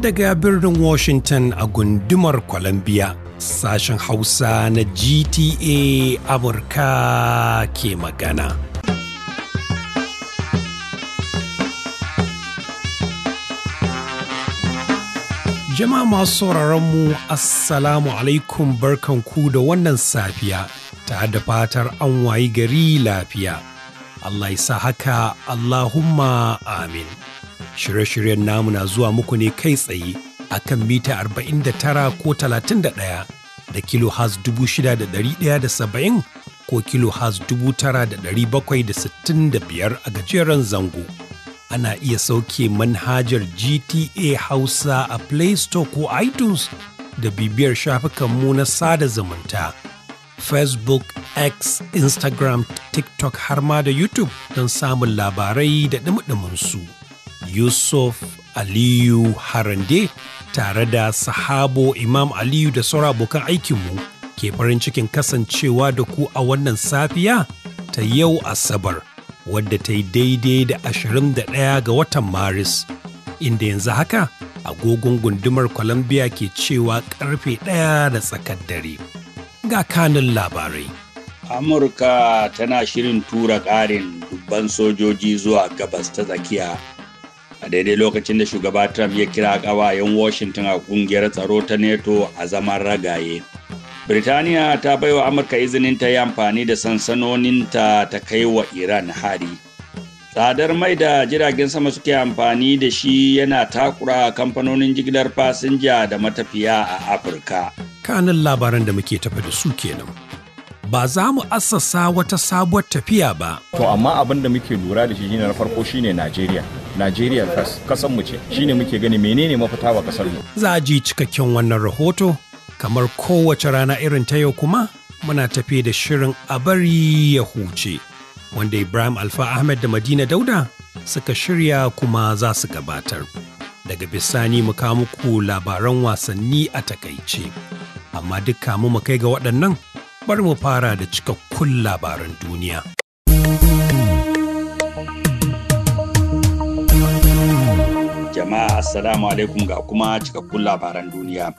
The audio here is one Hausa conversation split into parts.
Daga birnin Washington a gundumar Columbia, sashen Hausa na GTA Amurka ke magana. Jama'a masu sauraronmu Assalamu alaikum barkanku da wannan safiya, ta da fatar an wayi gari lafiya. Allah ya sa haka Allahumma amin. Shirye-shiryen namu na zuwa muku ne kai tsaye a kan mita tara ko 31 da kilo has saba'in ko kilo has biyar a gajeren zango. Ana iya sauke manhajar GTA Hausa a Play Store ko iTunes da bibiyar shafukanmu na sada zumunta. Facebook, X, Instagram, TikTok har ma da YouTube don samun labarai da su. Yusuf Aliyu Harande tare da sahabo Imam Aliyu da sauran abokan aikinmu ke farin cikin kasancewa da ku a wannan safiya ta yau Asabar, wadda ta yi daidai da 21 ga watan Maris, inda yanzu haka agogon gundumar Columbia ke cewa karfe ɗaya da tsakar dare. ga kanin labarai. Amurka tana shirin tura ƙarin dubban sojoji zuwa gabas ta tsakiya. A daidai lokacin da shugaba Trump ya kira ƙawayen Washington a ƙungiyar tsaro ta NATO a zaman ragaye. Birtaniya ta baiwa Amurka izinin ta yi amfani da sansanoninta ta kai wa Iran hari. tsadar mai da jiragen sama suke amfani da shi yana takura kamfanonin jigilar fasinja da matafiya a afirka kanin labaran da muke tafi da su kenan. Ba za mu assasa wata sabuwar tafiya ba. To amma abin da muke lura da shi shine na farko shine Najeriya. Najeriya kasan mu ce shine muke gani menene mafita wa kasar mu. Za a ji cikakken wannan rahoto kamar kowace rana irin ta yau kuma muna tafi da shirin a ya huce wanda Ibrahim Alfa Ahmed da Madina Dauda suka shirya kuma za su gabatar. Daga bisani mu kawo muku labaran wasanni a takaice. amma duk kamu mu kai ga waɗannan bari mu fara da cikakkun labaran duniya. Jama'a Assalamu alaikum ga kuma cikakkun labaran duniya.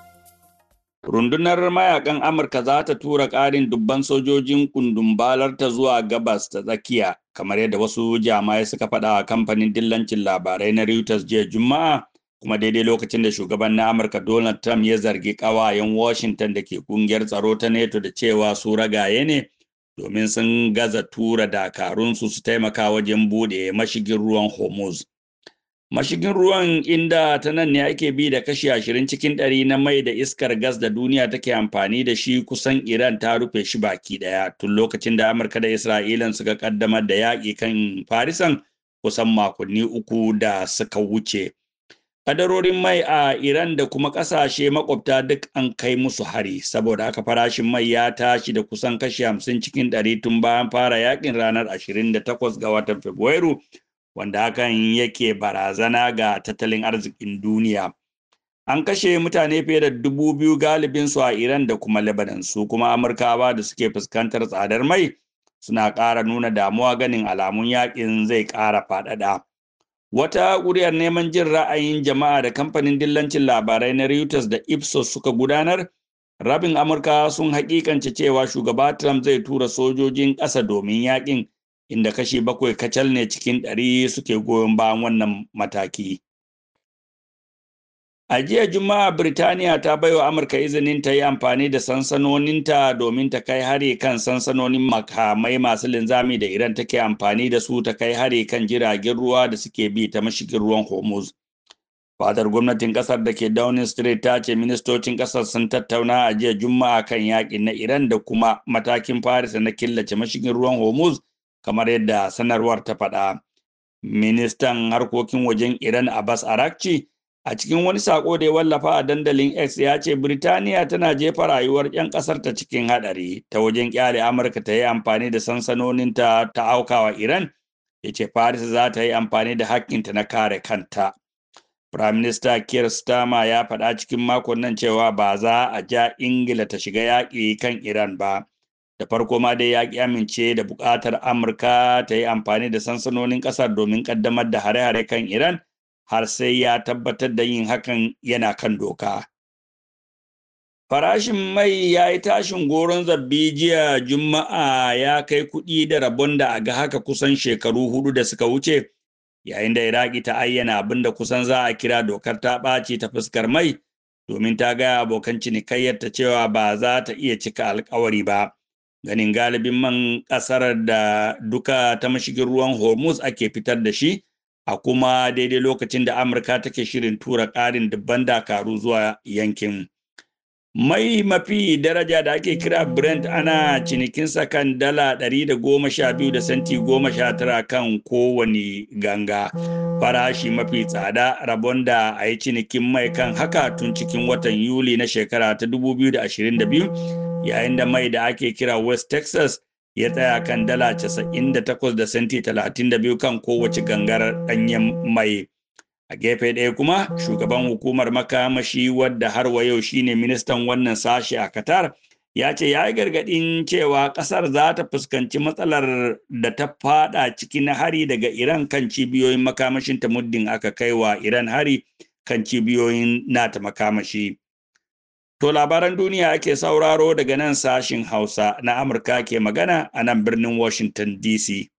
Rundunar mayakan Amurka za ta tura ƙarin dubban sojojin kundumbalar ta zuwa gabas ta tsakiya, kamar yadda wasu jama'ai suka faɗa a kamfanin dillancin labarai na Reuters jiya Juma'a, kuma daidai lokacin da shugaban na amurka donald trump ya zargi kawayen washington da ke kungiyar tsaro ta NATO da cewa su ragaye ne domin sun gaza tura dakarunsu su taimaka wajen bude mashigin ruwan hormuz mashigin ruwan inda ta nan ne ake bi da kashi ashirin cikin ɗari na mai da iskar gas da duniya take amfani da shi kusan iran ta rufe shi baki ɗaya tun lokacin da amurka da isra'ilan suka kaddamar da yaƙi kan farisan kusan makonni uku da suka wuce Kadarorin mai a Iran da kuma ƙasashe makwabta duk an kai musu hari, saboda haka farashin mai ya tashi da kusan kashi hamsin cikin ɗari tun bayan fara yakin ranar 28 ga watan Fabrairu, wanda hakan yake barazana ga tattalin arzikin duniya. An kashe mutane fiye da dubu biyu galibinsu a Iran da kuma Lebanon, su kuma Amurka ba da suke fuskantar tsadar mai suna ƙara nuna damuwa ganin alamun yakin zai ƙara faɗaɗa. Wata ƙuri'ar neman jin ra'ayin jama'a da kamfanin dillancin labarai na Reuters da Ipsos suka gudanar, rabin Amurka sun haƙiƙance cewa shugaba Trump zai tura sojojin ƙasa domin yaƙin, inda kashi bakwai kacal ne cikin ɗari suke goyon bayan wannan mataki. A jiya Juma'a Birtaniya ta baiwa Amurka izinin ta yi amfani da sansanoninta domin ta kai hari kan sansanonin makamai masu linzami da Iran take amfani da su ta kai hari kan jiragen ruwa da suke bi ta mashigin ruwan Hormuz. Fadar gwamnatin kasar da ke Downing Street ta ce ministocin kasar sun tattauna a jiya Juma'a kan yakin na Iran da kuma matakin Paris na killace mashigin ruwan Hormuz kamar yadda sanarwar ta faɗa. Ministan harkokin wajen Iran Abbas Arakci a cikin wani sako da ya wallafa a dandalin x ya ce birtaniya tana jefa rayuwar 'yan kasar ta cikin hadari ta wajen kyale amurka ta yi amfani da sansanoninta ta aukawa iran ya ce paris za ta yi amfani da hakkinta na kare kanta prime minister keir starmer ya faɗa cikin makon nan cewa ba za a ja ingila ta shiga yaƙi kan iran ba da farko ma dai ya ƙi amince da buƙatar amurka ta yi amfani da sansanonin ƙasar domin ƙaddamar da hare-hare kan iran har sai ya tabbatar da yin hakan yana kan doka. Farashin mai ya yi tashin goron zabbi jiya Juma'a ya kai kuɗi da rabon da a ga haka kusan shekaru hudu da suka wuce, yayin da Iraki ta ayyana abin da kusan za a kira dokar ta ɓaci ta fuskar mai, domin ta gaya abokan ta cewa ba za ta iya cika alkawari ba. Ganin galibin man ƙasar da duka ta mashigin ruwan Hormuz ake fitar da shi, a kuma daidai lokacin da amurka take shirin tura ƙarin dubban dakaru zuwa yankin mai mafi daraja da ake kira brent ana cinikinsa kan dala 112 da senti 19 kan kowane ganga farashi mafi tsada rabon da a yi cinikin mai kan haka tun cikin watan yuli na shekara ta 2022 yayin da mai da ake kira west texas ya tsaya kan dala 98 da senti 32 kan kowace gangar ɗanyen mai. A gefe ɗaya kuma shugaban hukumar makamashi wadda har wa yau shine ministan wannan sashe a Qatar ya ce ya yi gargaɗin cewa ƙasar za ta fuskanci matsalar da ta fada na hari daga Iran kan cibiyoyin makamashin ta muddin aka kai wa Iran hari kan cibiyoyin nata makamashi. To labaran duniya ake sauraro daga nan sashin Hausa na Amurka ke magana a nan birnin Washington DC.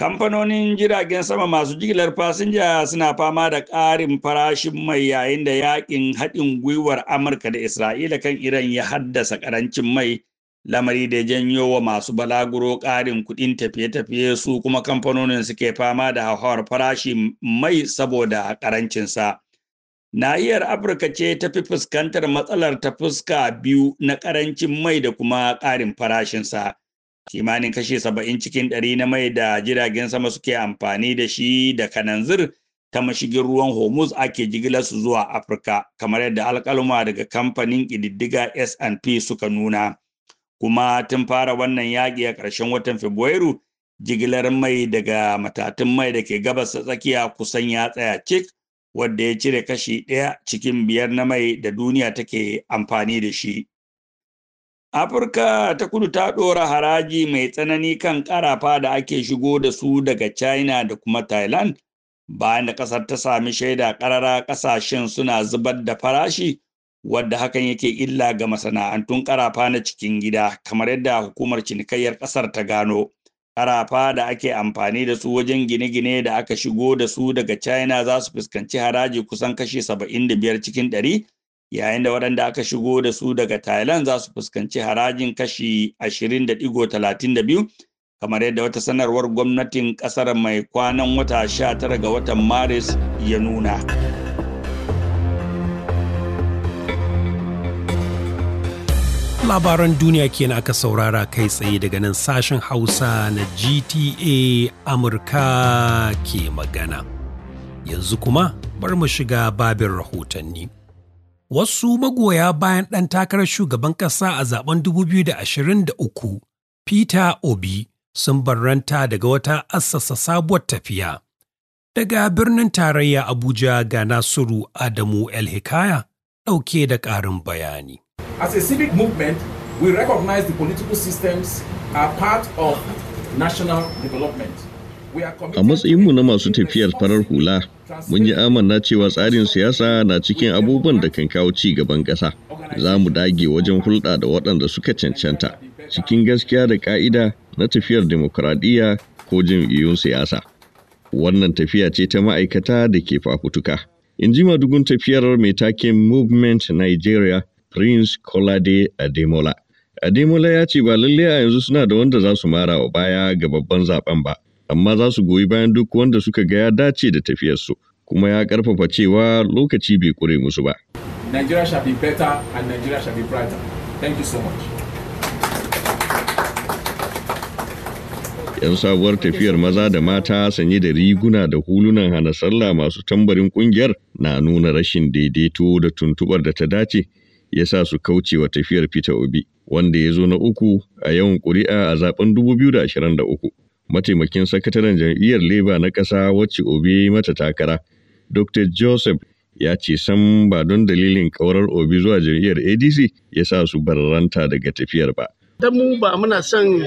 Kamfanonin jiragen sama masu jigilar fasinja suna fama da ƙarin farashin mai yayin da yaƙin haɗin gwiwar Amurka da Isra'ila kan Iran ya haddasa ƙarancin mai lamari da janyo wa masu balaguro ƙarin kuɗin tafiye-tafiye su kuma kamfanonin suke fama da hauhawar farashin mai saboda ƙarancinsa. sa. Nahiyar Afirka ce ta fi fuskantar matsalar ta fuska biyu na ƙarancin mai da kuma ƙarin farashinsa. Kimanin kashe saba'in cikin ɗari na mai da jiragen sama suke amfani da shi da kananzir ta mashigin ruwan Hormuz ake jigilar su zuwa Afirka, kamar yadda alƙaluma daga kamfanin ƙididdiga S&P suka nuna. Kuma tun fara wannan yaƙi a ƙarshen watan Fabrairu, jigilar mai daga matatun mai da ke gabas tsakiya kusan ya tsaya cik wadda ya cire kashi ɗaya cikin biyar na mai da duniya take amfani da shi. Afirka ta kudu ta ɗora haraji mai tsanani kan ƙarafa da ake shigo da su daga China da kuma Thailand bayan da ƙasar ta sami shaida ƙarara ƙasashen suna zubar da farashi wadda hakan yake illa ga masana'antun ƙarafa na cikin gida kamar yadda hukumar cinikayyar ƙasar ta gano. harafa da ake amfani da su wajen gine-gine da aka shigo da su daga china za su fuskanci haraji kusan kashi 75 cikin 100 yayin da waɗanda aka shigo da su daga thailand za su fuskanci harajin kashi 20.32 kamar yadda wata sanarwar gwamnatin ƙasar mai kwanan wata 19 ga watan maris ya nuna. labaran duniya kenan aka saurara kai tsaye daga nan sashen hausa na gta amurka ke magana yanzu kuma bar mu shiga babin rahotanni wasu magoya bayan ɗan takarar shugaban ƙasa a zaben 2023 peter obi sun barranta daga wata assasa sabuwar tafiya daga birnin tarayya abuja ga nasiru adamu el hikaya ɗauke da ƙarin bayani As a civic movement, we recognize the political systems are part of national development. A matsayinmu na masu tafiyar farar hula, mun yi amanna cewa tsarin siyasa na cikin abubuwan da kan kawo ci gaban ƙasa. Za mu dage wajen hulɗa da waɗanda suka cancanta, cikin gaskiya da ƙa'ida na tafiyar demokuraɗiyya ko jam'iyyun siyasa. Wannan tafiya ce ta ma'aikata da ke fafutuka. In ji madugun tafiyar mai taken Movement Nigeria Prince Kolade Ademola. Ademola ya ce ba lalle a yanzu suna da wanda za su mara wa baya ga babban zaben ba, amma za su goyi bayan duk wanda suka ga ya dace da tafiyarsu, kuma ya karfafa cewa lokaci bai kure musu ba. Nigeria shall be better and Nigeria shall be brighter. Thank you so much. Yan sabuwar tafiyar maza da mata sanye da riguna da hulunan hana sallah masu tambarin kungiyar na nuna rashin daidaito da tuntubar da ta dace ya sa su kauce wa tafiyar Peter Obi wanda ya zo na uku a yawan ƙuri'a a zaben 2023. Mataimakin sakataren jam'iyyar Labour na ƙasa wacce Obi ya yi mata takara, Dr. Joseph ya ce san ba don dalilin ƙaurar Obi zuwa jam'iyyar ADC ya sa su ranta daga tafiyar ba. Dan mu ba muna son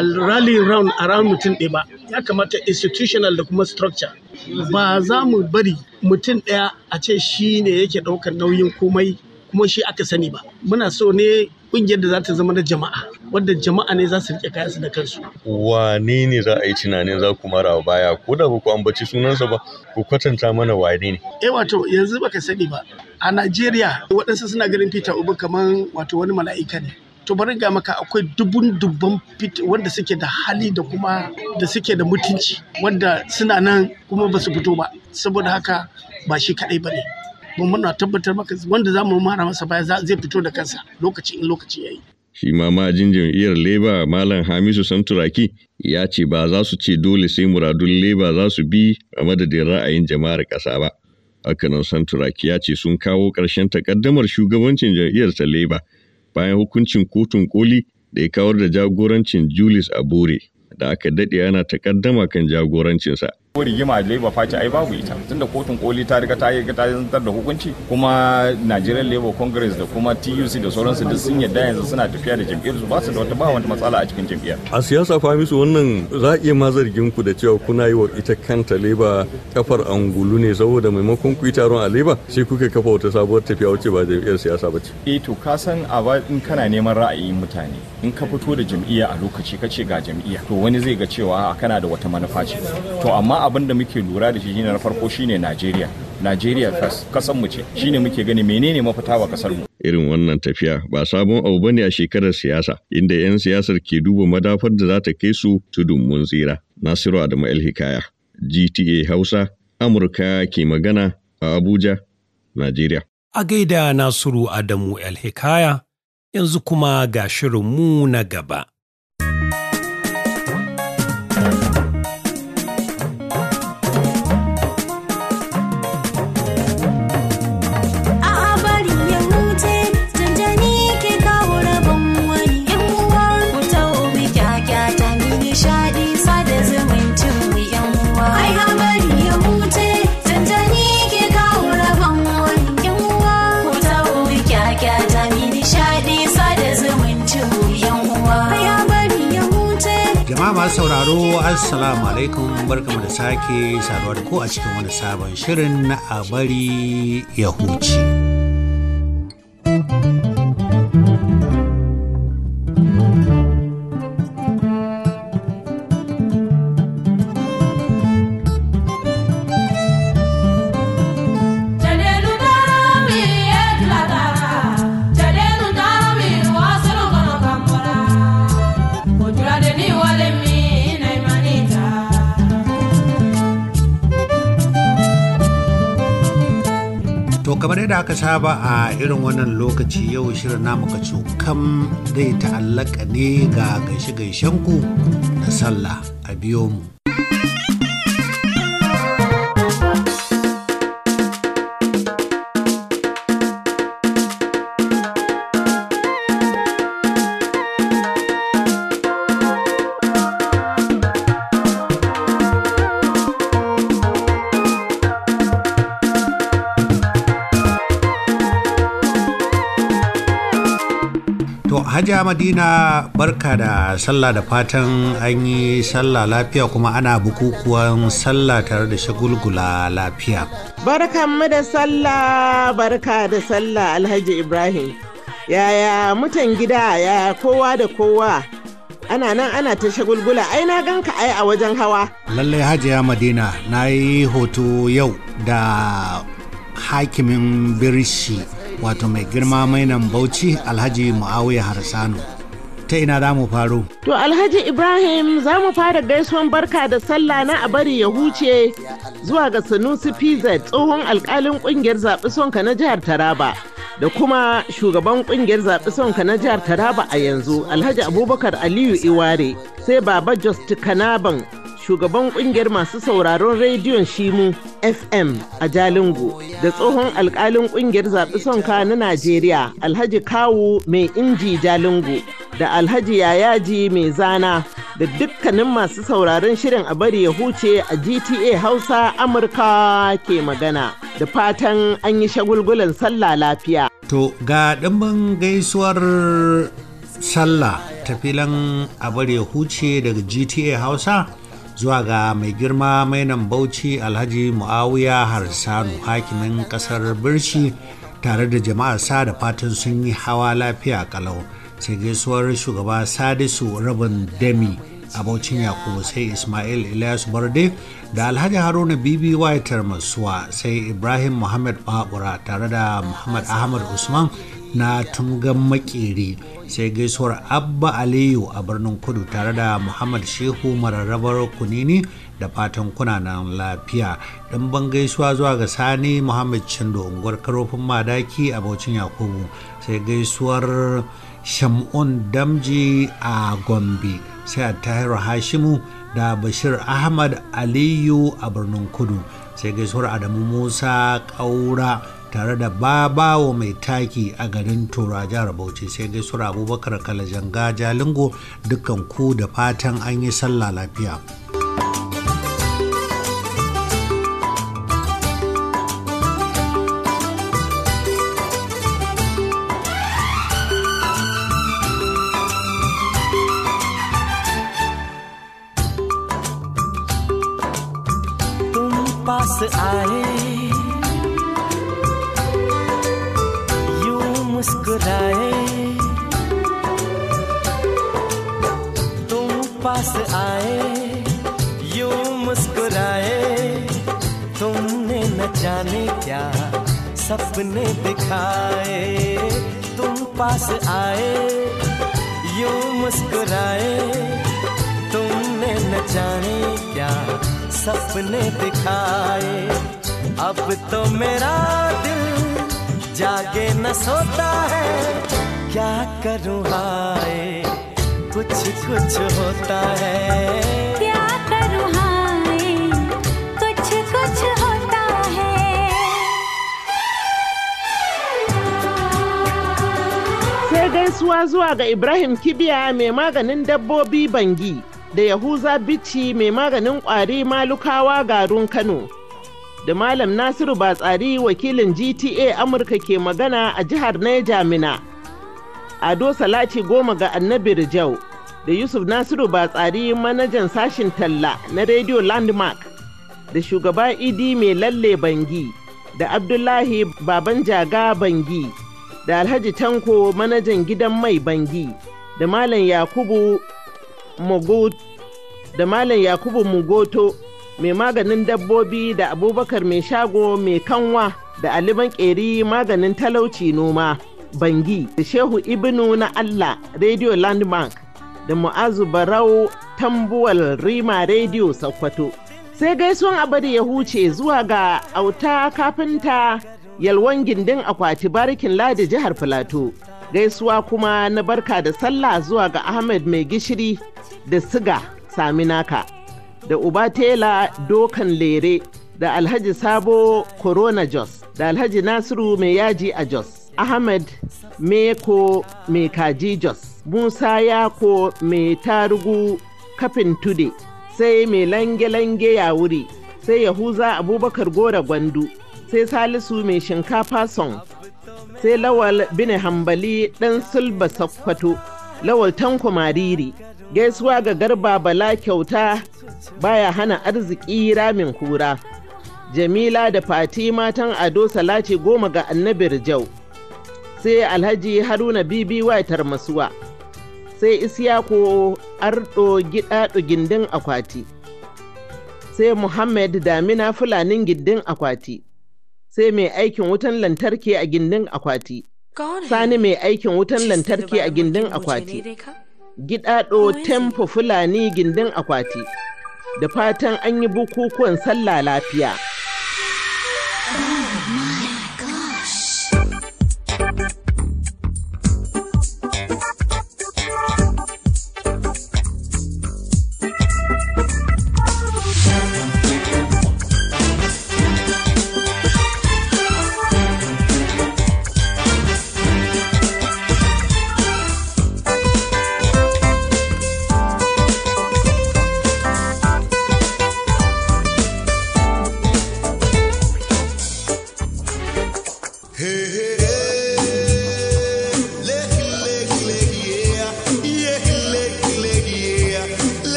rally round around mutum ɗaya ba, ya kamata institutional da kuma structure. Ba za mu bari mutum ɗaya a ce shi ne yake ɗaukar nauyin komai kuma shi aka sani ba muna so ne kungiyar da za ta zama na jama'a wadda jama'a ne za su rike kayansu da kansu wane ne za a yi tunanin za ku mara baya ko da ba ku ambaci sunansa ba ku kwatanta mana wane ne eh wato yanzu baka sani ba a Najeriya waɗansu suna ganin Peter Obi kamar wato wani mala'ika ne to bari ga maka akwai dubun dubban wanda suke da hali da kuma da suke da mutunci wanda suna nan kuma ba su fito ba saboda haka ba shi kadai ba ne mun muna tabbatar maka wanda za mara masa baya zai fito da kansa lokaci in lokaci yayi shi ma jinjin jam'iyyar leba malam hamisu santuraki ya ce ba za su ce dole sai muradun leba za su bi a madadin ra'ayin jama'ar ƙasa ba hakanan santuraki ya ce sun kawo ƙarshen takaddamar shugabancin jam'iyyar ta leba bayan hukuncin kotun koli da ya kawar da jagorancin julius abore da aka daɗe ana takaddama kan jagorancinsa ko rigima a labour party ai babu ita tunda kotun koli ta riga ta yi ta zantar da hukunci kuma nigerian labour congress da kuma tuc da sauransu duk sun yadda yanzu suna tafiya da jam'iyyar su ba su da wata ba wata matsala a cikin jam'iyyar a siyasa famisu wannan za a iya ma zargin ku da cewa kuna yi wa ita kanta labour kafar angulu ne saboda maimakon ku yi taron a labour sai kuka kafa wata sabuwar tafiya wacce ba jam'iyyar siyasa ba ce e to ka san a ba in kana neman ra'ayin mutane in ka fito da jam'iyya a lokaci ka ce ga jam'iyya to wani zai ga cewa kana da wata manufa ce to amma abin da muke lura da shi shine na farko shine Najeriya Najeriya kasan mu ce shine muke gani menene mafita wa kasar mu irin wannan tafiya ba sabon abu bane a shekarar siyasa inda 'yan siyasar ke duba madafar da za ta kai su tudun mun tsira Nasiru Adamu El Hikaya GTA Hausa Amurka ke magana a Abuja Najeriya a gaida Nasiru Adamu El Hikaya yanzu kuma ga shirin mu na gaba sauraro assalamu alaikum barkamu da sake saduwa da ku a cikin wani sabon shirin na a bari ya huce. yadda aka saba a irin wannan lokaci yau shirin namu ka kam zai ta'allaka ne ga gaishe-gaishenku da sallah a biyo mu. Hajiya Madina barka da sallah da fatan an yi sallah lafiya kuma ana bukukuwan sallah tare da shagulgula lafiya. Barka mu da sallah barka da sallah Alhaji Ibrahim. Yaya mutan gida yaya kowa da kowa ana nan ana ta shagulgula ai na ganka ai a wajen hawa. Lallai Hajiya Madina na yi hoto yau da hakimin birshi wato mai girma mai nan bauchi alhaji muawiya harsano ta ina za mu faro to alhaji ibrahim za mu fara gaisuwan barka da sallah na a bari ya huce zuwa ga sanusi pz tsohon alkalin kungiyar zaɓi sonka na jihar taraba da kuma shugaban kungiyar zaɓi sonka na jihar taraba a yanzu alhaji abubakar aliyu iware sai baba jos kanaban shugaban kungiyar masu sauraron rediyon Shimu FM a Jalingo da tsohon alkalin kungiyar zaɓi sonka na Najeriya Alhaji Kawu mai inji Jalingo da Alhaji Yayaji mai zana da dukkanin masu sauraron shirin a bari ya huce a GTA Hausa Amurka ke magana da fatan an yi shagulgulan sallah lafiya. To ga ɗimbin gaisuwar sallah ta filan a bari ya huce daga GTA Hausa zuwa ga mai girma mainan bauchi alhaji muawiya harsanu hakimin kasar birshi tare da jama'ar sa da fatan sun yi hawa lafiya kalau sai gaisuwar shugaba sadisu rabin dami abocin yakubu sai ismail ilyas barde da alhaji haruna bibi waitar masuwa sai ibrahim muhammad babura tare da muhammad ahmad usman na tungan makere sai gaisuwar abba aliyu a birnin kudu tare da muhammad shehu mararrabar kunini da fatan kuna nan lafiya don ban gaisuwa zuwa ga sani muhammad chindo unguwar karofin madaki a baucin yakubu sai gaisuwar shamun damji a gombe sai a tahiru hashimu da bashir ahmad aliyu a birnin kudu sai gaisuwar adamu musa ƙaura tare da babawo mai taki a garin tura jihar bauchi sai dai sura abubakar kalajan gaja lingo dukkan ku da fatan an yi sallah lafiya सपने दिखाए तुम पास आए यू मुस्कुराए तुमने न जाने क्या सपने दिखाए अब तो मेरा दिल जागे न सोता है क्या करूँ हाय कुछ कुछ होता है gaisuwa zuwa ga Ibrahim Kibiya mai maganin dabbobi Bangi da Yahuza Bici mai maganin ƙwari Malukawa Garun Kano. Da Malam Nasiru Batsari wakilin GTA Amurka ke magana a jihar Naija Mina. Ado Salati goma ga Annabi Rijau da Yusuf Nasiru Batsari manajan sashin talla na Radio Landmark da shugaba Idi mai lalle Bangi da Abdullahi Baban Jaga Bangi. da Alhaji Tanko manajan gidan mai bangi da Malam Yakubu Mugoto mai maganin dabbobi da Abubakar mai shago mai kanwa da Ali Ƙeri maganin talauci noma bangi da Shehu Ibnu na Allah Radio Landmark da Mu'azu Barau Tambuwal Rima Radio Sokoto. Sai gaisuwan abadi ya huce zuwa ga auta kafinta yalwan gindin akwati barikin ladi jihar filato gaisuwa kuma na barka da sallah zuwa ga ahmed mai gishiri da siga sami naka da uba tela dokan lere da alhaji sabo corona jos da alhaji nasiru mai yaji a jos ahmed meko mai kaji jos musa yako mai tarugu kafin tude sai mai lange-lange ya wuri sai yahuza abubakar gora gwandu sai salisu mai shinkafa son sai lawal bine hambali ɗan silba sakwato lawal tanko mariri gaisuwa ga garba bala kyauta baya hana arziki ramin kura jamila da fati matan ado salaci goma ga annabir jau sai alhaji haruna bibi waitar masuwa sai isiyako arɗo gida gindin akwati sai muhammad damina fulanin gindin akwati sai mai aikin wutan lantarki a gindin akwati. Sani mai aikin wutan lantarki a gindin akwati. Gidaɗo tempo Fulani gindin akwati. Da fatan an yi bukukuwan sallah lafiya.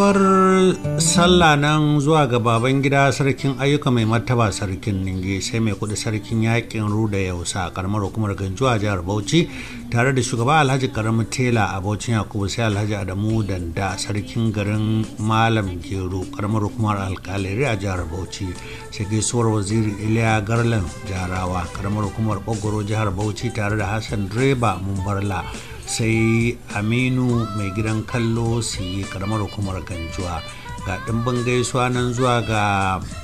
gaisuwar sallah nan zuwa ga baban gida sarkin ayyuka mai martaba sarkin ninge sai mai kudi sarkin yakin ruda yausa karamar hukumar ganjuwa jihar bauchi tare da shugaba alhaji karamin tela a bauchin yakubu sai alhaji adamu danda sarkin garin malam gero karamar hukumar alkalari a jihar bauchi sai gaisuwar waziri iliya garlan jarawa karamar hukumar bogoro jihar bauchi tare da hassan direba mumbarla sai aminu mai gidan kallo su yi karamar hukumar ganjuwa ga ɗimbin gaisuwa nan zuwa ga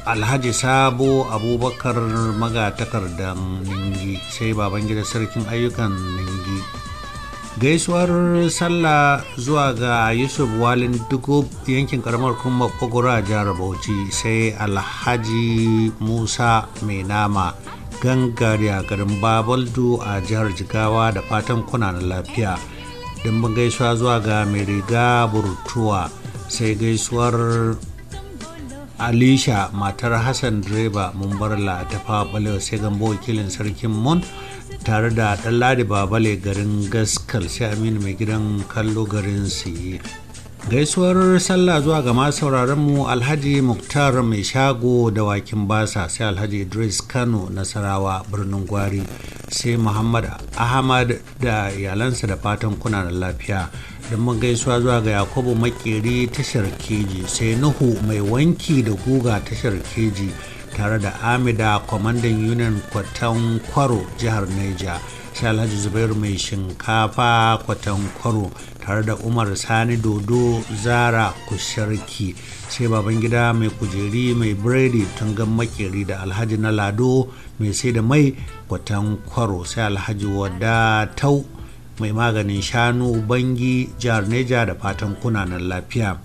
alhaji sabo abubakar magatakardan ningi sai babangida sarkin ayyukan ningi gaisuwar sallah zuwa ga yusuf walin dugub yankin karamar kuma kogora jihar bauchi sai alhaji musa mai nama gangare a garin babaldu a jihar jigawa da fatan kuna na lafiya dimbin gaisuwa zuwa ga mai riga burtuwa sai gaisuwar alisha matar hassan direba mumbarla ta faɓalewa sai gambo wakilin sarkin mun tare da ɗan ladi babale garin gaskal sai aminu mai gidan kallo garin siye gaisuwar sallah zuwa ga masu sauraron mu alhaji muktar mai shago da wakin basa sai alhaji idris kano nasarawa birnin gwari sai muhammad ahmad da iyalansa da fatan kuna da lafiya da mun gaisuwa zuwa ga yakubu makeri tashar keji sai nuhu mai wanki da guga tashar keji tare da amida kwamandan union kwatan kwaro jihar niger sai alhaji zubairu mai shinkafa kwatan kwaro tare da umar sani dodo zara kusharki sai baban gida mai kujeri mai biredi ga makeri da alhaji na lado mai sai da mai kwatan kwaro sai alhaji wadatau mai maganin shanu bangi jihar neja da fatan kunanan lafiya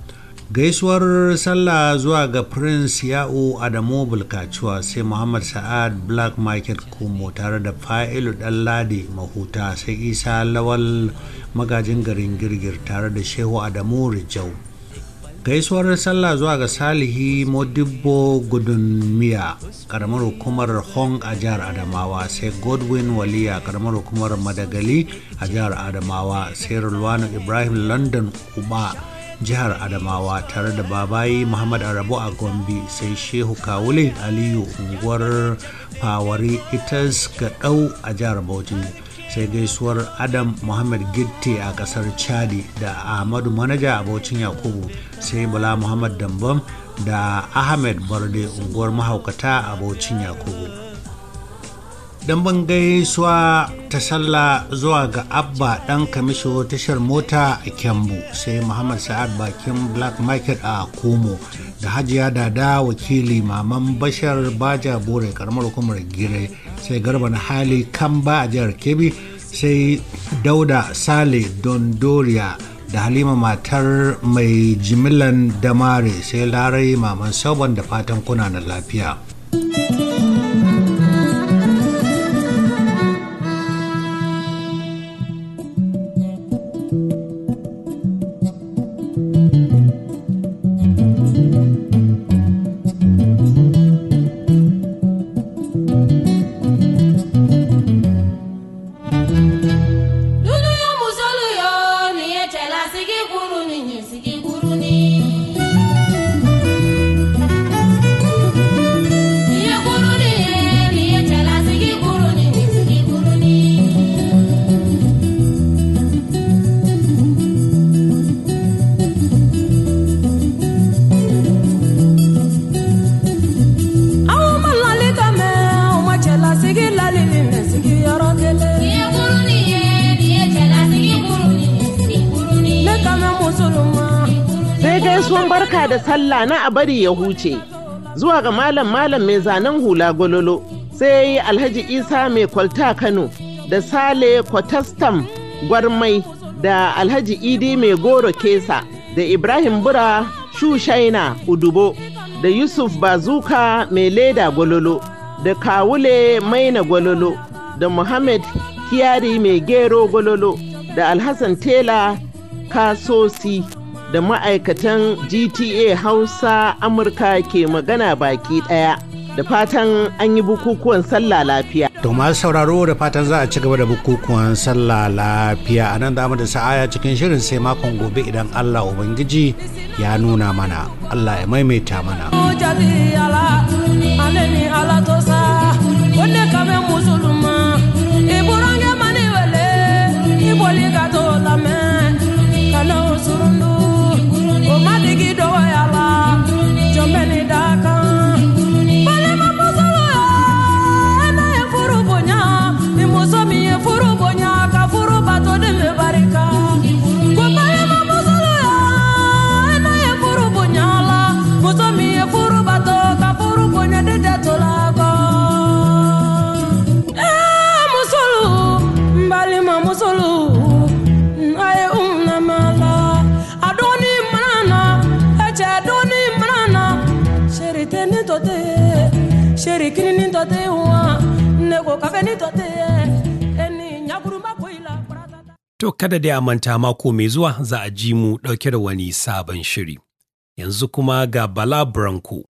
gaisuwar sallah zuwa ga prince ya'u adamu bulkacuwa sai muhammad sa'ad black market kumo tare da fa'ilu dan ladi mahuta sai isa lawal magajin garin girgir tare da shehu adamu rijau gaisuwar sallah zuwa ga salihi modibbo gudun miya karamar hukumar hong a jihar adamawa sai godwin waliya karamar hukumar madagali a jihar adamawa sai rulwano ibrahim london uba jihar adamawa tare da babayi muhammad arabu a gombe sai shehu kawule aliyu unguwar fawari itas dau a jihar bauchi sai gaisuwar adam muhammad gitte a kasar chadi da ahmadu manaja a Bauchin yakubu sai bala muhammad dambam da ahmed barde unguwar mahaukata a Bauchin yakubu Dan ban gaisuwa ta sallah zuwa ga abba dan kamisho tashar mota a kyambu sai muhammad sa'ad bakin black market a komo da hajiya dada wakili maman bashar baja bore karamar hukumar gire sai garba na hali kamba a jihar kebbi sai dauda sale dondoriya da halima matar mai jimilan damare sai larai maman sauban da fatan kuna na lafiya. barka da sallah na a bari ya huce zuwa ga malam malam mai zanen hula gololo sai ya yi alhaji isa mai kwalta kano da sale kwatastam gwarmai da alhaji idi mai goro kesa da ibrahim bura shushaina udubo da yusuf bazuka mai leda gololo da kawule maina gololo da muhammad kiyari mai gero gololo da alhassan tela kasosi da ma'aikatan GTA Hausa Amurka ke magana baki ɗaya. Da fatan an yi bukukuwan sallah lafiya. To masu sauraro da fatan za a ci gaba da bukukuwan sallah lafiya a nan damar da sa'aya cikin shirin sai makon gobe idan Allah Ubangiji ya nuna mana. Allah ya maimaita mana. To kada dai a manta mako mai zuwa za a ji mu ɗauke da wani sabon shiri. Yanzu kuma ga Bala Branko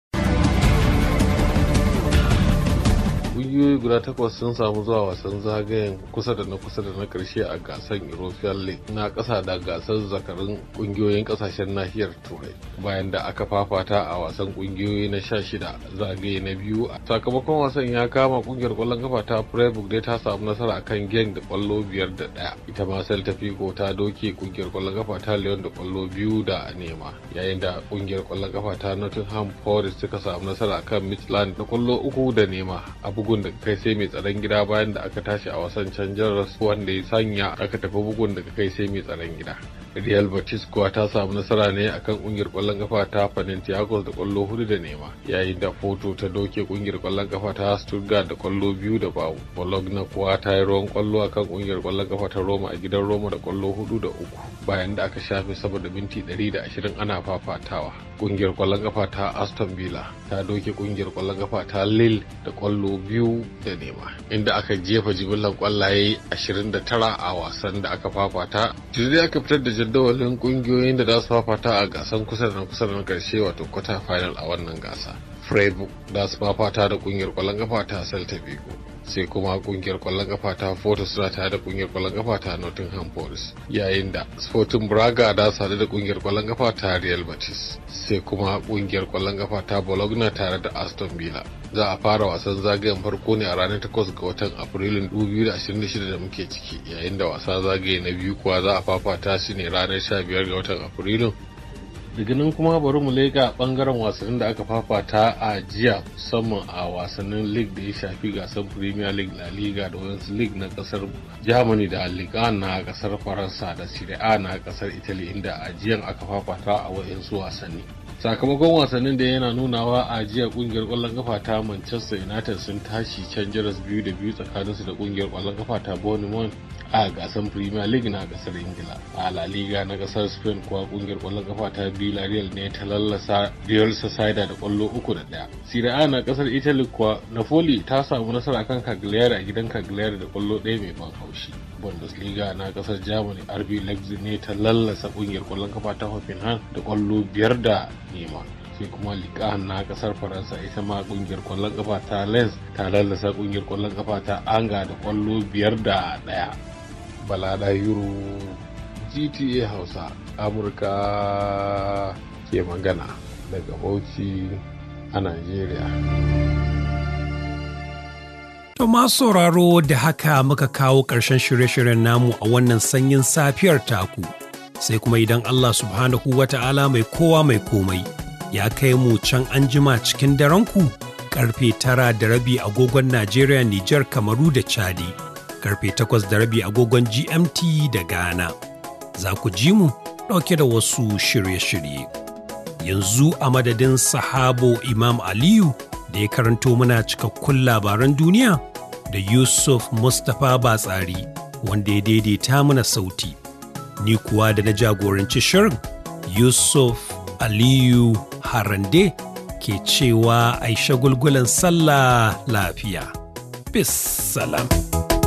ƙungiyoyi guda takwas sun samu zuwa wasan zagayen kusa da na kusa da na ƙarshe a gasar european league na kasa da gasar zakarin ƙungiyoyin ƙasashen nahiyar turai bayan da aka fafata a wasan ƙungiyoyi na sha shida zagaye na biyu a sakamakon wasan ya kama ƙungiyar ƙwallon kafa ta freiburg dai ta samu nasara akan geng da ƙwallo biyar da ɗaya ita ma celta figo ta doke ƙungiyar ƙwallon kafa ta leon da ƙwallo biyu da nema yayin da ƙungiyar ƙwallon kafa ta nottingham forest suka samu nasara akan midland da kwallo uku da nema a bugun da kai sai mai tsaron gida bayan da aka tashi a wasan canjar wanda ya sanya aka tafi bugun daga kai sai mai tsaron gida real batis kuwa ta samu nasara ne akan kungiyar kwallon kafa ta panathinaikos da kwallo hudu da nema yayin da foto ta doke kungiyar kwallon kafa ta stuttgart da kwallo biyu da bawu bologna kuwa ta yi ruwan kwallo akan kungiyar kwallon kafa ta roma a gidan roma da kwallo hudu da uku bayan da aka shafe saboda minti ɗari da ashirin ana fafatawa kungiyar kwallon kafa ta aston villa ta doke kungiyar kwallon kafa ta lille da kwallo biyu da nema inda aka jefa jimillar kwallaye 29 a wasan da aka fafata jirgin aka fitar da jadawalin kungiyoyin da za su fafata a gasan kusa da kusa da karshe wato quarter final a wannan gasa freiburg da su fafata da kungiyar kwallon kafa ta celta vigo sai kuma kungiyar kwallon kafa ta Porto suna tare da kungiyar kwallon kafa ta Nottingham Forest yayin da Sporting Braga da sadu da kungiyar kwallon kafa ta Real Betis sai kuma kungiyar kwallon kafa ta Bologna tare da Aston Villa za a fara wasan zagayen farko ne a ranar takwas ga watan Afrilun 2026 da muke ciki yayin da wasa zagaye na biyu kuwa za a fafata shi ne ranar sha biyar ga watan Afrilun daga nan kuma bari mu leƙa ɓangaren wasannin da aka fafata a jiya musamman a wasannin league da ya shafi gasar premier league la liga da wasu league na kasar germany da liga na kasar faransa da serie a na kasar italy inda a jiyan aka fafata a wayansu wasanni sakamakon wasannin da yana nunawa a jiya kungiyar kwallon kafa ta manchester united sun tashi can jiras biyu da biyu tsakaninsu da kungiyar kwallon kafa ta bournemouth a gasar premier league na kasar ingila a la liga na kasar spain kuwa kungiyar kwallon kafa ta villarreal ne ta lallasa real sociedad da kwallo uku da daya sira na kasar italy kuwa napoli ta samu nasara kan cagliari a gidan cagliari da kwallo ɗaya mai ban haushi bundesliga na kasar germany rb leipzig ne ta lallasa kungiyar kwallon kafa ta hoffenheim da kwallo biyar da nema sai kuma liƙa na ƙasar faransa ita ma ƙungiyar ƙwallon ƙafa ta lens ta lallasa ƙungiyar ƙwallon ƙafa ta anga da ƙwallo biyar da ɗaya balada yuro gta hausa amurka ke magana daga bauchi a nigeria To ma sauraro da haka muka kawo ƙarshen shirye-shiryen namu a wannan sanyin safiyar taku sai kuma idan Allah subhanahu wa ta'ala mai kowa mai komai ya kai mu can an jima cikin darenku karfe tara da rabi agogon Najeriya, Nijar, Kamaru da Chadi, karfe takwas da rabi agogon GMT da Ghana. Za ku ji mu ɗauke da wasu shirye-shirye. Yanzu a madadin sahabo Imam Aliyu da ya karanto mana cikakkun labaran duniya da Yusuf Mustapha Batsari wanda ya daidaita mana sauti. ni kuwa da na jagoranci shirin yusuf aliyu harande ke cewa aisha gulgulan sallah lafiya bis salam